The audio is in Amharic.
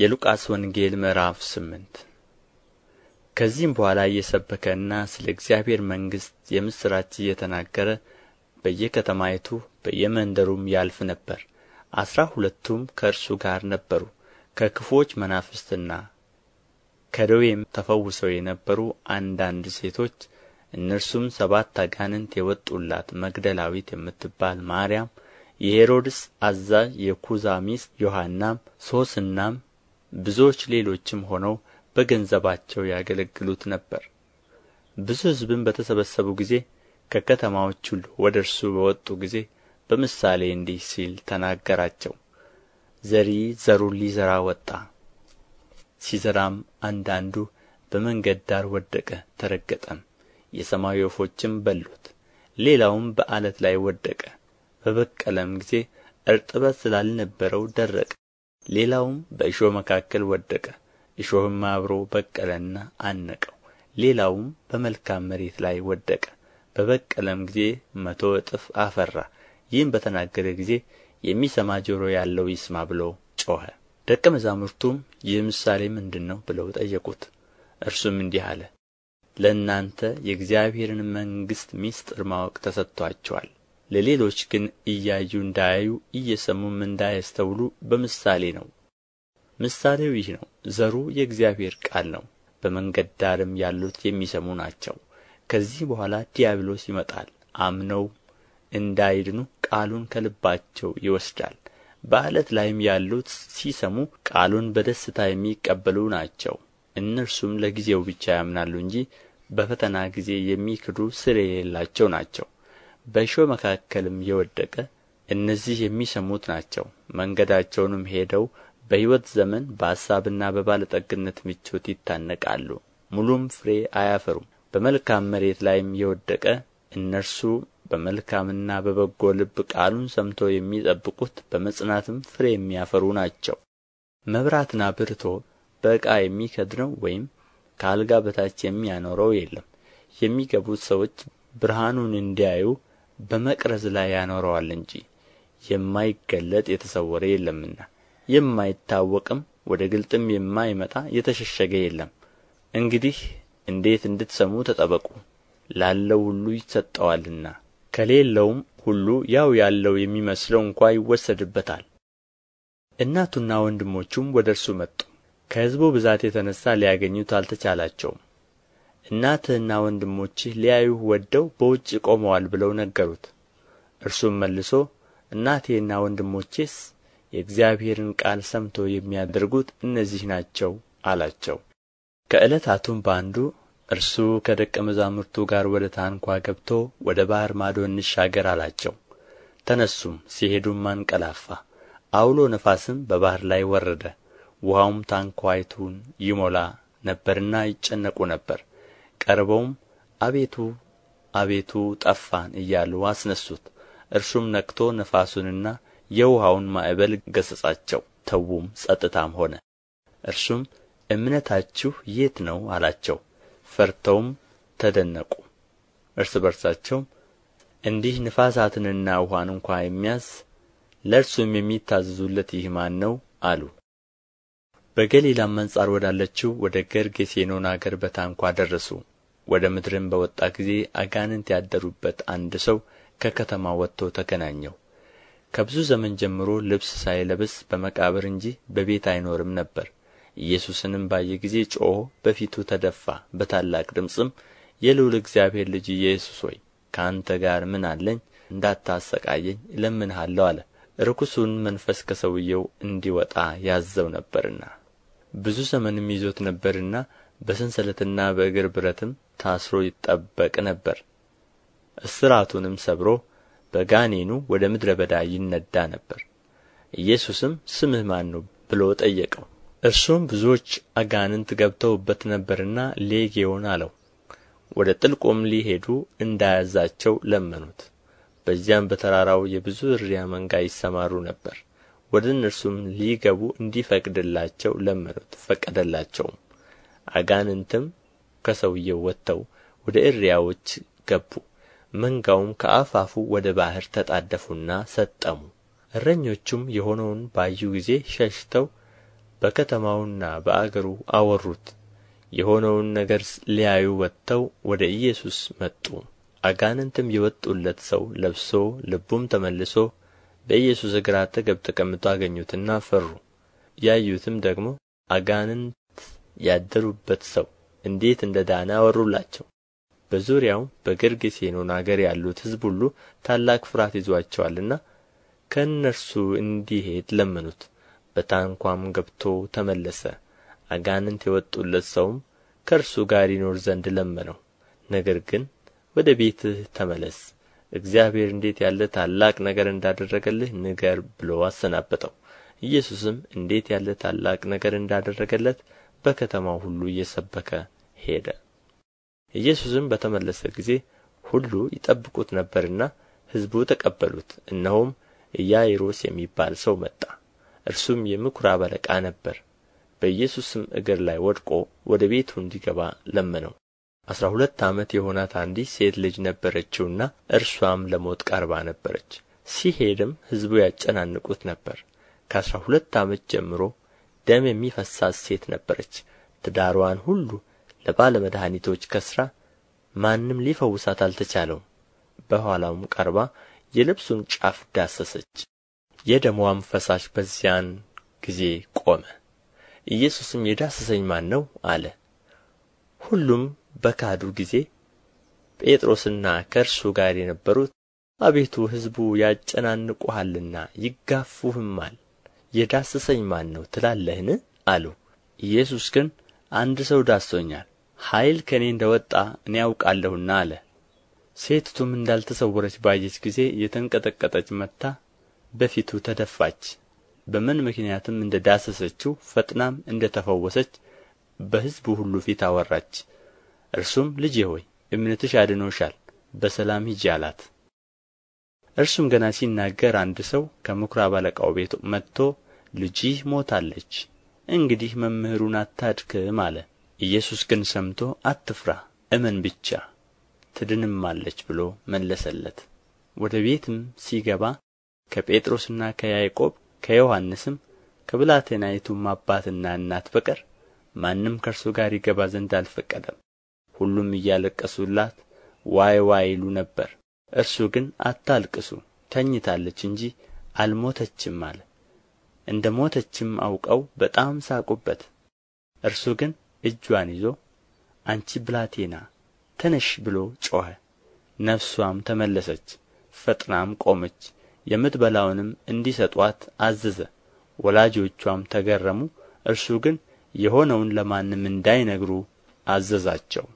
የሉቃስ ወንጌል ምዕራፍ ስምንት ከዚህም በኋላ እየሰበከና ስለ እግዚአብሔር መንግሥት የምሥራች እየተናገረ በየከተማይቱ በየመንደሩም ያልፍ ነበር። አስራ ሁለቱም ከእርሱ ጋር ነበሩ። ከክፉዎች መናፍስትና ከደዌም ተፈውሰው የነበሩ አንዳንድ ሴቶች እነርሱም ሰባት አጋንንት የወጡላት መግደላዊት የምትባል ማርያም፣ የሄሮድስ አዛዥ የኩዛ ሚስት ዮሐናም፣ ሶስናም ብዙዎች ሌሎችም ሆነው በገንዘባቸው ያገለግሉት ነበር ብዙ ሕዝብም በተሰበሰቡ ጊዜ ከከተማዎች ሁሉ ወደ እርሱ በወጡ ጊዜ በምሳሌ እንዲህ ሲል ተናገራቸው ዘሪ ዘሩን ሊዘራ ወጣ ሲዘራም አንዳንዱ በመንገድ ዳር ወደቀ ተረገጠም፣ የሰማይ ወፎችም በሉት። ሌላውም በዓለት ላይ ወደቀ፣ በበቀለም ጊዜ እርጥበት ስላልነበረው ደረቀ። ሌላውም በእሾህ መካከል ወደቀ እሾህም አብሮ በቀለና አነቀው ሌላውም በመልካም መሬት ላይ ወደቀ በበቀለም ጊዜ መቶ እጥፍ አፈራ ይህም በተናገረ ጊዜ የሚሰማ ጆሮ ያለው ይስማ ብሎ ጮኸ ደቀ መዛሙርቱም ይህ ምሳሌ ምንድር ነው ብለው ጠየቁት እርሱም እንዲህ አለ ለእናንተ የእግዚአብሔርን መንግሥት ምሥጢር ማወቅ ተሰጥቶአችኋል ለሌሎች ግን እያዩ እንዳያዩ እየሰሙም እንዳያስተውሉ በምሳሌ ነው ምሳሌው ይህ ነው ዘሩ የእግዚአብሔር ቃል ነው በመንገድ ዳርም ያሉት የሚሰሙ ናቸው ከዚህ በኋላ ዲያብሎስ ይመጣል አምነው እንዳይድኑ ቃሉን ከልባቸው ይወስዳል በዓለት ላይም ያሉት ሲሰሙ ቃሉን በደስታ የሚቀበሉ ናቸው እነርሱም ለጊዜው ብቻ ያምናሉ እንጂ በፈተና ጊዜ የሚክዱ ስር የሌላቸው ናቸው በእሾህ መካከልም የወደቀ እነዚህ የሚሰሙት ናቸው መንገዳቸውንም ሄደው በሕይወት ዘመን በሐሳብና በባለጠግነት ምቾት ይታነቃሉ ሙሉም ፍሬ አያፈሩም በመልካም መሬት ላይም የወደቀ እነርሱ በመልካምና በበጎ ልብ ቃሉን ሰምተው የሚጠብቁት በመጽናትም ፍሬ የሚያፈሩ ናቸው መብራትና ብርቶ በዕቃ የሚከድነው ወይም ከአልጋ በታች የሚያኖረው የለም የሚገቡት ሰዎች ብርሃኑን እንዲያዩ በመቅረዝ ላይ ያኖረዋል እንጂ የማይገለጥ የተሰወረ የለምና የማይታወቅም ወደ ግልጥም የማይመጣ የተሸሸገ የለም እንግዲህ እንዴት እንድትሰሙ ተጠበቁ ላለው ሁሉ ይሰጠዋልና ከሌለውም ሁሉ ያው ያለው የሚመስለው እንኳ ይወሰድበታል እናቱና ወንድሞቹም ወደ እርሱ መጡ ከሕዝቡ ብዛት የተነሣ ሊያገኙት አልተቻላቸውም እናትህና ወንድሞችህ ሊያዩህ ወደው በውጭ ቆመዋል ብለው ነገሩት እርሱም መልሶ እናቴና ወንድሞቼስ የእግዚአብሔርን ቃል ሰምቶ የሚያደርጉት እነዚህ ናቸው አላቸው ከዕለታቱም በአንዱ እርሱ ከደቀ መዛሙርቱ ጋር ወደ ታንኳ ገብቶ ወደ ባሕር ማዶ እንሻገር አላቸው ተነሱም ሲሄዱም አንቀላፋ አውሎ ነፋስም በባሕር ላይ ወረደ ውኃውም ታንኳይቱን ይሞላ ነበርና ይጨነቁ ነበር ቀርበውም አቤቱ አቤቱ ጠፋን እያሉ አስነሱት እርሱም ነቅቶ ነፋሱንና የውሃውን ማዕበል ገሰጻቸው ተዉም ጸጥታም ሆነ እርሱም እምነታችሁ የት ነው አላቸው ፈርተውም ተደነቁ እርስ በርሳቸውም እንዲህ ንፋሳትንና ውሃን እንኳ የሚያዝ ለእርሱም የሚታዘዙለት ይህ ማን ነው አሉ በገሊላም አንጻር ወዳለችው ወደ ገርጌሴኖን አገር በታንኳ ደረሱ ወደ ምድርም በወጣ ጊዜ አጋንንት ያደሩበት አንድ ሰው ከከተማ ወጥቶ ተገናኘው። ከብዙ ዘመን ጀምሮ ልብስ ሳይለብስ በመቃብር እንጂ በቤት አይኖርም ነበር። ኢየሱስንም ባየ ጊዜ ጮኾ በፊቱ ተደፋ፣ በታላቅ ድምፅም የልዑል እግዚአብሔር ልጅ ኢየሱስ ሆይ ከአንተ ጋር ምን አለኝ? እንዳታሰቃየኝ እለምንሃለሁ አለ። ርኩሱን መንፈስ ከሰውየው እንዲወጣ ያዘው ነበርና። ብዙ ዘመንም ይዞት ነበርና በሰንሰለትና በእግር ብረትም ታስሮ ይጠበቅ ነበር። እስራቱንም ሰብሮ በጋኔኑ ወደ ምድረ በዳ ይነዳ ነበር። ኢየሱስም ስምህ ማን ነው ብሎ ጠየቀው። እርሱም ብዙዎች አጋንንት ገብተውበት ነበርና ሌጌዮን አለው። ወደ ጥልቁም ሊሄዱ እንዳያዛቸው ለመኑት። በዚያም በተራራው የብዙ እሪያ መንጋ ይሰማሩ ነበር። ወደ እነርሱም ሊገቡ እንዲፈቅድላቸው ለመኑት ፈቀደላቸውም አጋንንትም ከሰውየው ወጥተው ወደ እሪያዎች ገቡ መንጋውም ከአፋፉ ወደ ባሕር ተጣደፉና ሰጠሙ እረኞቹም የሆነውን ባዩ ጊዜ ሸሽተው በከተማውና በአገሩ አወሩት። የሆነውን ነገር ሊያዩ ወጥተው ወደ ኢየሱስ መጡ። አጋንንትም የወጡለት ሰው ለብሶ ልቡም ተመልሶ በኢየሱስ እግር አጠገብ ተቀምጦ አገኙትና ፈሩ። ያዩትም ደግሞ አጋንንት ያደሩበት ሰው እንዴት እንደ ዳነ አወሩላቸው። በዙሪያውም በጌርጌሴኖን አገር ያሉት ሕዝብ ሁሉ ታላቅ ፍርሃት ይዟቸዋልና ከእነርሱ እንዲሄድ ለመኑት። በታንኳም ገብቶ ተመለሰ። አጋንንት የወጡለት ሰውም ከእርሱ ጋር ይኖር ዘንድ ለመነው። ነገር ግን ወደ ቤትህ ተመለስ እግዚአብሔር እንዴት ያለ ታላቅ ነገር እንዳደረገልህ ንገር ብሎ አሰናበተው ኢየሱስም እንዴት ያለ ታላቅ ነገር እንዳደረገለት በከተማው ሁሉ እየሰበከ ሄደ ኢየሱስም በተመለሰ ጊዜ ሁሉ ይጠብቁት ነበርና ሕዝቡ ተቀበሉት እነሆም ኢያይሮስ የሚባል ሰው መጣ እርሱም የምኵራብ አለቃ ነበር በኢየሱስም እግር ላይ ወድቆ ወደ ቤቱ እንዲገባ ለመነው አሥራ ሁለት ዓመት የሆናት አንዲት ሴት ልጅ ነበረችውና እርሷም ለሞት ቀርባ ነበረች። ሲሄድም ሕዝቡ ያጨናንቁት ነበር። ከአሥራ ሁለት ዓመት ጀምሮ ደም የሚፈሳት ሴት ነበረች። ትዳሯን ሁሉ ለባለ መድኃኒቶች ከስራ ማንም ሊፈውሳት አልተቻለውም። በኋላውም ቀርባ የልብሱን ጫፍ ዳሰሰች፣ የደሟም ፈሳሽ በዚያን ጊዜ ቆመ። ኢየሱስም የዳሰሰኝ ማን ነው አለ። ሁሉም በካዱ ጊዜ ጴጥሮስና ከእርሱ ጋር የነበሩት አቤቱ ሕዝቡ ያጨናንቁሃልና ይጋፉህማል የዳሰሰኝ ማን ነው ትላለህን አሉ ኢየሱስ ግን አንድ ሰው ዳስሶኛል ኃይል ከእኔ እንደ ወጣ እኔ አውቃለሁና አለ ሴቲቱም እንዳልተሰወረች ባየች ጊዜ የተንቀጠቀጠች መጥታ በፊቱ ተደፋች በምን ምክንያትም እንደ ዳሰሰችው ፈጥናም እንደ ተፈወሰች በሕዝቡ ሁሉ ፊት አወራች እርሱም ልጄ ሆይ እምነትሽ አድኖሻል በሰላም ሂጂ አላት እርሱም ገና ሲናገር አንድ ሰው ከምኵራብ አለቃው ቤት መጥቶ ልጅህ ሞታለች እንግዲህ መምህሩን አታድክም አለ ኢየሱስ ግን ሰምቶ አትፍራ እመን ብቻ ትድንማለች ብሎ መለሰለት ወደ ቤትም ሲገባ ከጴጥሮስና ከያዕቆብ ከዮሐንስም ከብላቴናይቱም አባትና እናት በቀር ማንም ከእርሱ ጋር ይገባ ዘንድ አልፈቀደም ሁሉም እያለቀሱላት ዋይ ዋይ ይሉ ነበር እርሱ ግን አታልቅሱ ተኝታለች እንጂ አልሞተችም አለ እንደ ሞተችም አውቀው በጣም ሳቁበት እርሱ ግን እጇን ይዞ አንቺ ብላቴና ተነሽ ብሎ ጮኸ ነፍሷም ተመለሰች ፈጥናም ቆመች የምትበላውንም እንዲሰጧት አዘዘ ወላጆቿም ተገረሙ እርሱ ግን የሆነውን ለማንም እንዳይነግሩ አዘዛቸው